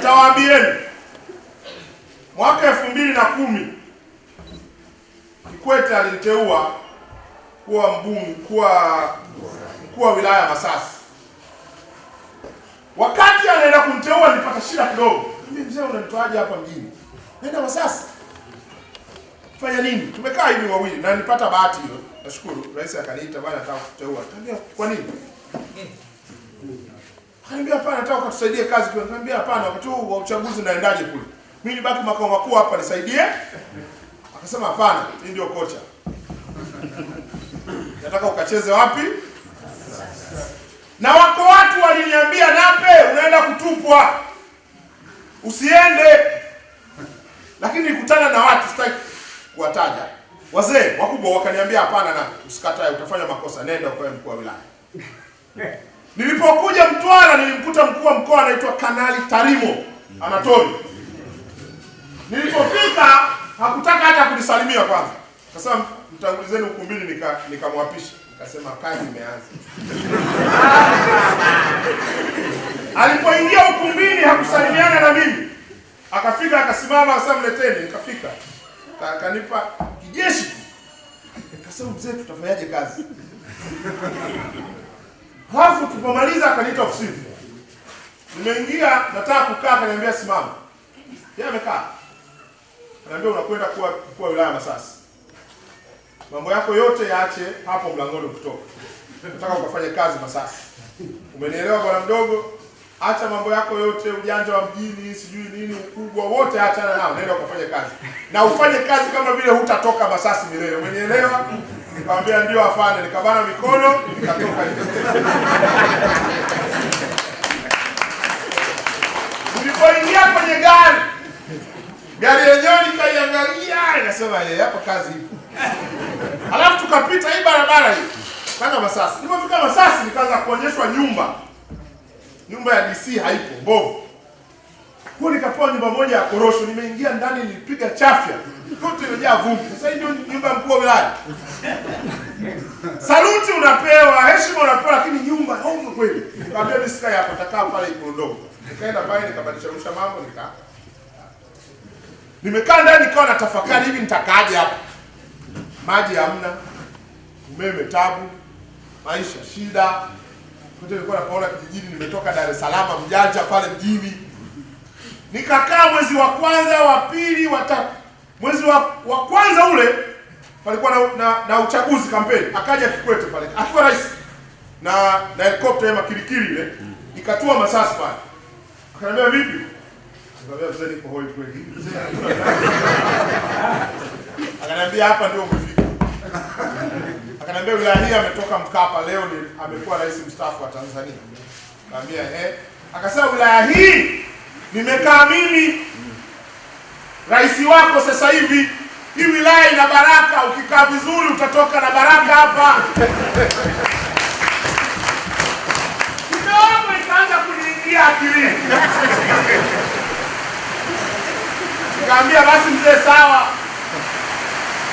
nitawaambieni mwaka elfu mbili na kumi Kikwete aliniteua kuwa mbunge kuwa mkuu wa wilaya Masasi. Wakati anaenda kumteua nipata shida kidogo, mimi mzee, unanitoaje hapa mjini? Naenda Masasi fanya nini? Tumekaa hivi wawili na nipata bahati hiyo, nashukuru. Rais akaniita bwana, nataka kuteua. Kwa nini? Akaniambia hapana, nataka ukatusaidie kazi kwa. Nikamwambia hapana, wakati wa uchaguzi naendaje kule? Mimi baki makao makuu hapa nisaidie. Akasema hapana, hii ndio kocha. Nataka ukacheze wapi? Na wako watu waliniambia, Nape, unaenda kutupwa. Usiende. Lakini nikutana na watu sitaki kuwataja. Wazee wakubwa wakaniambia hapana, na usikatae, utafanya makosa, nenda ukawe mkuu wa wilaya. Nilipokuja Mtwara nilimkuta mkuu wa mkoa anaitwa Kanali Tarimo Anatoli. Nilipofika hakutaka hata kunisalimia kwanza, akasema mtangulizeni ukumbini, nikamwapisha nika kasema kazi imeanza. Alipoingia ukumbini hakusalimiana na mimi, akafika akasimama, akasema mleteni, nikafika akanipa kijeshi, kasema mzee, tutafanyaje kazi? Halafu tupomaliza akaniita ofisini. Nimeingia nataka kukaa, akaniambia simama. Yeye amekaa. Anaambia unakwenda kuwa mkuu wa wilaya Masasi. Mambo yako yote yaache hapo mlangoni ukitoka. Nataka ukafanye kazi Masasi. Umenielewa bwana mdogo? Acha mambo yako yote, ujanja wa mjini, sijui nini, ukubwa wote achana nao, nenda ukafanye kazi. Na ufanye kazi kama vile hutatoka Masasi milele. Umenielewa? nikamwambia ndio afande, nikabana mikono nikatoka nje. Nilipoingia kwenye gari, gari yenyewe nikaiangalia, inasema eh, hapa kazi ipo. Alafu tukapita hii barabara hii kwanza Masasi. Nilipofika Masasi nikaanza kuonyeshwa nyumba, nyumba ya DC haipo, mbovu. Kwa nikapewa nyumba moja ya korosho, nimeingia ndani, nilipiga chafya Mtoto imejaa vumbi. Sasa ndio nyumba mkuu wa wilaya. Saluti unapewa, heshima unapewa lakini nyumba hauna kweli. Nikamwambia mimi sikai hapa, nitakaa pale Ikondoo. Nikaenda pale nikabadilisha rusha mambo nika. Nimekaa ndani nikawa na tafakari hivi nitakaaje hapa? Maji hamna. Umeme tabu. Maisha shida. Kote nilikuwa napaona kijijini nimetoka Dar es Salaam mjanja pale mjini. Nikakaa mwezi wa kwanza, wa pili, wa tatu. Mwezi wa, wa kwanza ule palikuwa na, na, na uchaguzi kampeni, akaja Kikwete pale akiwa rais na na helikopta ya makilikili ile ikatua Masasi pale, akaniambia vipi, akaniambia mzee, kweli. Akaniambia hapa ndio umefika. Akaniambia wilaya hii ametoka Mkapa, leo ni amekuwa rais mstaafu wa Tanzania. Akaniambia eh, akasema wilaya hii nimekaa mimi rais wako sasa hivi. Hii wilaya ina baraka, ukikaa vizuri utatoka na baraka hapa. Kidogo ikaanza kuniingia akilini, nikaambia basi mzee, sawa.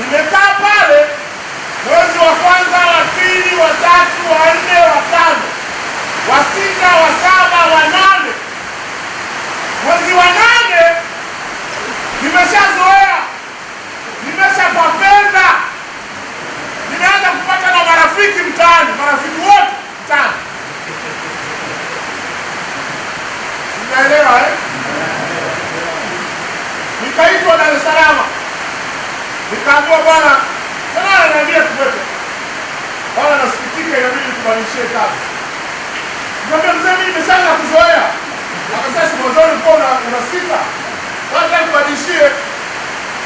Nimekaa pale mwezi wa kwanza, wa pili, wa tatu, wa nne, wa tano, wa sita, wa saba, wa nane, mwezi wa nane nimeshazoea, nimeshapapenda, nimeanza kupata na marafiki mtaani, marafiki wote mtaani. Unaelewa eh? Nikaitwa Dar es Salaam, nikaambiwa bwana, ananiambia tuweke bwana, nasikitika, inabidi kubadilishie kazi. Nikamwambia mzee, mimi nimeshaanza kuzoea. Akasema, mwanzoni ulikuwa unasita wacha nibadilishie.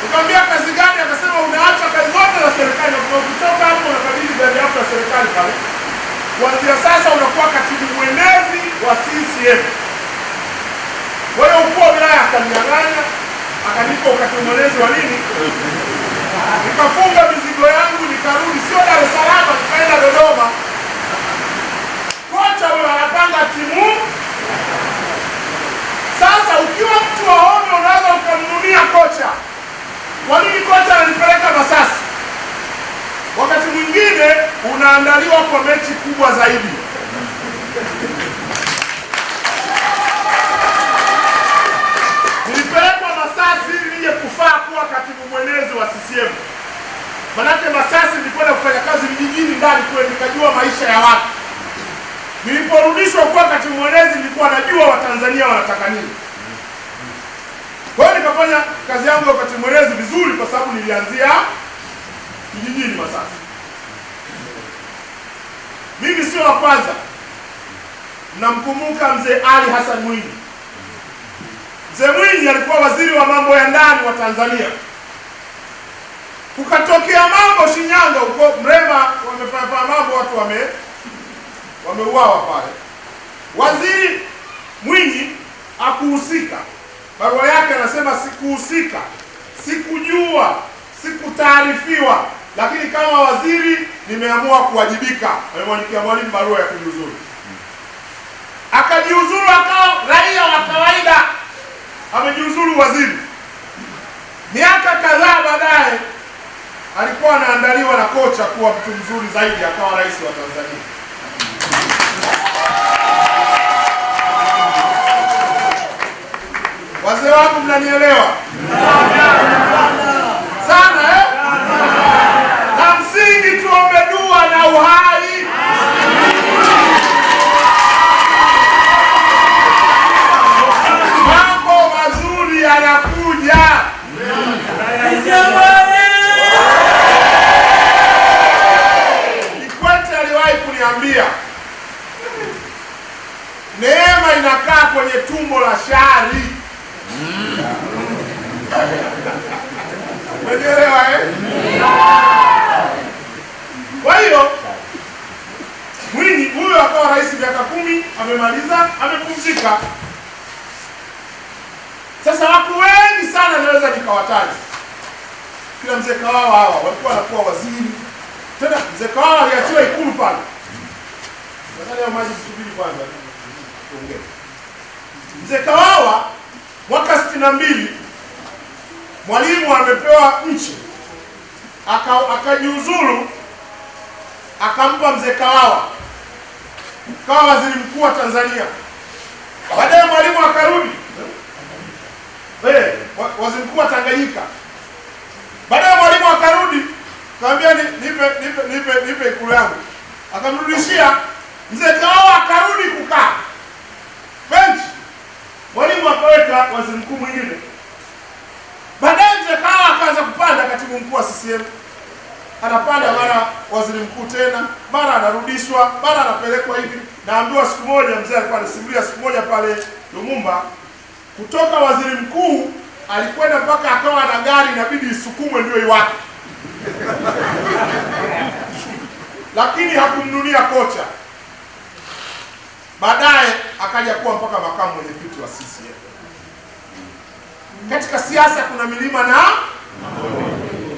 Nikamwambia kazi gani? Akasema unaacha kazi zote za serikali na kutoka hapo unakabidhi gari yako ya serikali pale. Kuanzia sasa unakuwa katibu mwenezi wa CCM. Kwa hiyo ukuu wa wilaya akaninyang'anya, akanipa ukatibu mwenezi wa nini? Nikafunga mizigo yangu nikarudi, sio Dar es Salaam, tukaenda Dodoma. Kocha huyo anapanga timu kocha. Kwa nini kocha ananipeleka Masasi? Wakati mwingine unaandaliwa kwa mechi kubwa zaidi. Nilipelekwa Masasi nije kufaa kuwa katibu mwenezi wa CCM. Manake Masasi nilikwenda kufanya kazi vijijini ndani kule, nikajua maisha ya watu. Niliporudishwa kuwa katibu mwenezi, nilikuwa najua Watanzania wanataka nini. Kwa hiyo nikafanya kazi yangu ya mwelezi vizuri, kwa sababu nilianzia kijijini Masasi. Mimi sio wa kwanza. namkumbuka mzee Ali Hassan Mwinyi. Mzee Mwinyi alikuwa waziri wa mambo ya ndani wa Tanzania. Kukatokea mambo Shinyanga huko Mrema, wamefanya mambo watu wame wameuawa pale. Waziri Mwinyi akuhusika Barua yake anasema sikuhusika, sikujua, sikutaarifiwa, lakini kama waziri nimeamua kuwajibika. Amemwandikia Mwalimu barua ya kujiuzuru, akajiuzuru akawa raia wa kawaida. Amejiuzuru waziri. Miaka kadhaa baadaye alikuwa anaandaliwa na kocha kuwa mtu mzuri zaidi, akawa rais wa Tanzania. Wazee wangu mnanielewa sana eh? La msingi tuombe dua na uhai. Mambo mazuri yanakuja. Kikwete aliwahi kuniambia neema inakaa kwenye tumbo la shari. Umeelewa eh? Kwa hiyo Mwinyi huyo akawa rais miaka kumi, amemaliza amepumzika. Sasa watu wengi sana naweza nikawataja kila mzee Kawawa hawa walikuwa wanakuwa waziri tena. Mzee Kawawa aliachiwa Ikulu pale, maji tusubiri kwanza Mzee Kawawa Mwaka sitini na mbili Mwalimu amepewa nchi akajiuzuru, aka akampa mzee Kawawa kawa waziri mkuu wa Tanzania. Baadaye Mwalimu akarudi hey, eh, waziri mkuu wa Tanganyika. Baadaye Mwalimu akarudi kaambia, nipe nipe nipe nipe ikulu yangu, akamrudishia mzee Kawawa akarudi kukaa Mwalimu akaweka waziri mkuu mwingine, baadaye mzee Kawa akaanza kupanda katibu mkuu wa CCM, anapanda mara waziri mkuu tena, mara anarudishwa, mara anapelekwa hivi. Naambiwa siku moja mzee alikuwa anasimulia, siku moja pale Lumumba, kutoka waziri mkuu alikwenda mpaka akawa na gari inabidi isukumwe ndio iwake, lakini hakumnunia kocha baadaye akaja kuwa mpaka makamu mwenyekiti wa CCM. Katika siasa kuna milima na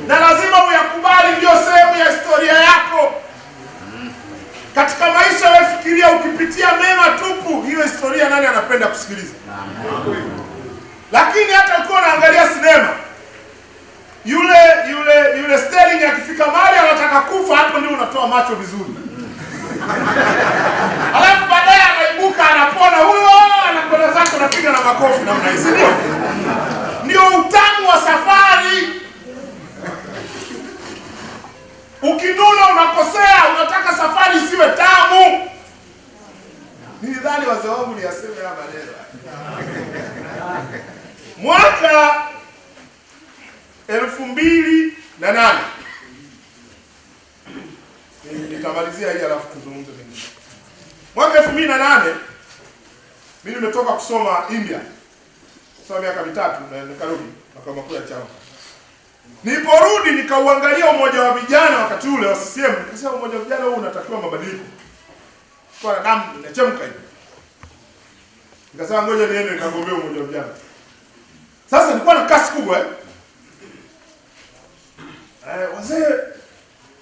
na lazima uyakubali, ndio sehemu ya historia yako katika maisha. Wewe fikiria, ukipitia mema tupu, hiyo historia nani anapenda kusikiliza? Lakini hata ukiwa unaangalia sinema, yule yule yule Sterling akifika mahali anataka kufa, hapo ndio unatoa macho vizuri Ukitaka anapona huyo, anapona zako, napiga na makofi namna hizi. Ndio utamu wa safari. Ukinuna unakosea, unataka safari isiwe tamu. Nilidhani wazee wangu ni aseme haya maneno. Mwaka elfu mbili na nane nitamalizia hii alafu tuzungumze mwaka elfu mbili na nane mimi nimetoka kusoma India sasa miaka mitatu na nikarudi makao makuu ya chama. Niliporudi nikauangalia umoja wa vijana wakati ule wa CCM, nikasema umoja wa vijana huu unatakiwa mabadiliko. Kwa damu inachemka hivi. Nikasema ngoja niende nikagombea umoja wa vijana. Sasa nilikuwa na kasi kubwa eh. Eh, wazee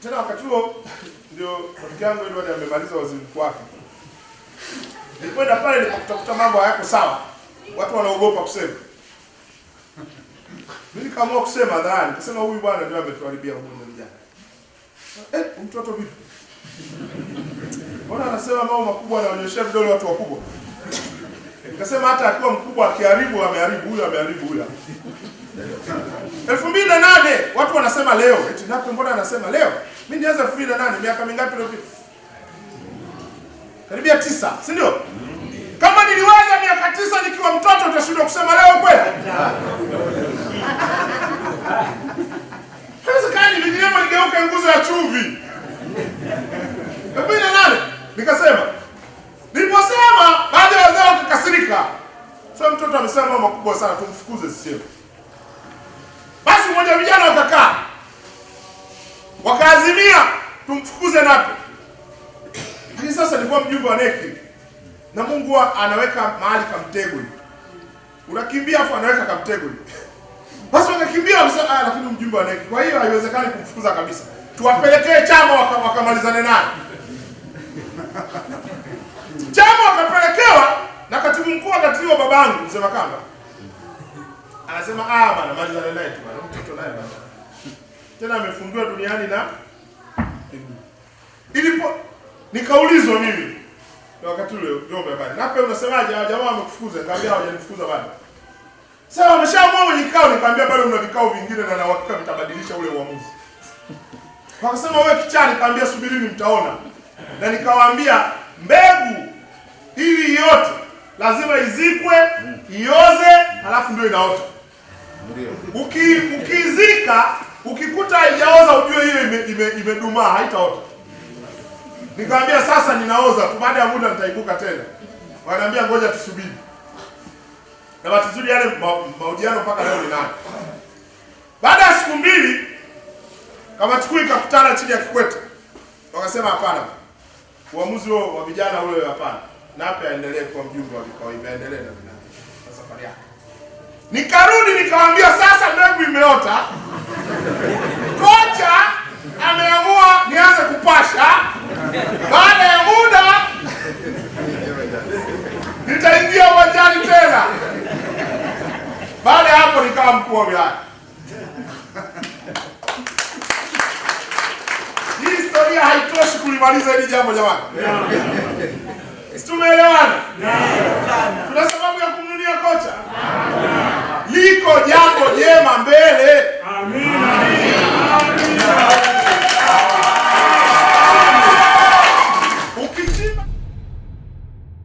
tena wakati huo ndio rafiki yangu ndio amemaliza waziri mkuu wake. Nilipoenda pale nikakutakuta mambo hayako sawa, watu wanaogopa kusema. Mimi nikaamua kusema hadharani, nikasema huyu bwana ndio ametuharibia huduma ya vijana. Eh, mtoto vipi? Mbona anasema mambo makubwa, na anaonyesha vidole watu wakubwa? Nikasema hata akiwa mkubwa akiharibu, ameharibu huyu, ameharibu huyu. elfu mbili na nane watu wanasema leo, eti Nape mbona anasema leo? Mimi nianza elfu mbili na nane miaka mingapi iliyopita? karibia tisa, si ndio? Kama niliweza miaka tisa nikiwa mtoto, utashindwa kusema leo kweli? Haiwezekani, vigilemo ligeuke nguzo ya chumvi. huwa anaweka mahali kamtego unakimbia afu anaweka kamtego hivi, basi wakakimbia ah, lakini mjumbe neki. Kwa hiyo haiwezekani kumfukuza kabisa, tuwapelekee chama wakamalizane naye. Chama wakapelekewa na katibu mkuu akatiliwa babangu mzee Makamba anasema ah, bana malizane naye tu bana, mtoto naye bana, tena amefungiwa duniani na ilipo nikaulizwa mimi na wakati ule Nape unasemaje? Hawa jamaa wamekufukuza. Nikamwambia hawajanifukuza bado. Sasa wameshaamua kikao, nikamwambia bado vikao vingine na na vitabadilisha ule uamuzi. Wakasema wewe kichani, nikamwambia subirini mtaona. Na nikawaambia mbegu hii yote lazima izikwe, ioze, halafu ndio inaota. Uki ukizika, ukikuta haijaoza ujue hiyo imedumaa, ime, ime haitaota. Nikamwambia sasa ninaoza tu, baada ya muda nitaibuka tena. Wanaambia ngoja tusubiri. Na bahati nzuri yale mahojiano mpaka leo ninayo. Baada ya siku mbili kamati kuu ikakutana chini ya Kikwete. Wakasema hapana. Uamuzi huo wa vijana ule hapana. Na hapa aendelee kwa mjumbe wa vikao imeendelea na Sasa Safari yake. Nikarudi nikamwambia sasa mbegu imeota. Kocha ameamua nianze kupasha baada ya muda nitaingia uwanjani tena. Baada ya hapo nikawa mkuu wa wilaya. Hii historia haitoshi kulimaliza hili jambo jamani. Tumeelewana? Tuna sababu ya kumnunia kocha? Liko jambo jema mbele.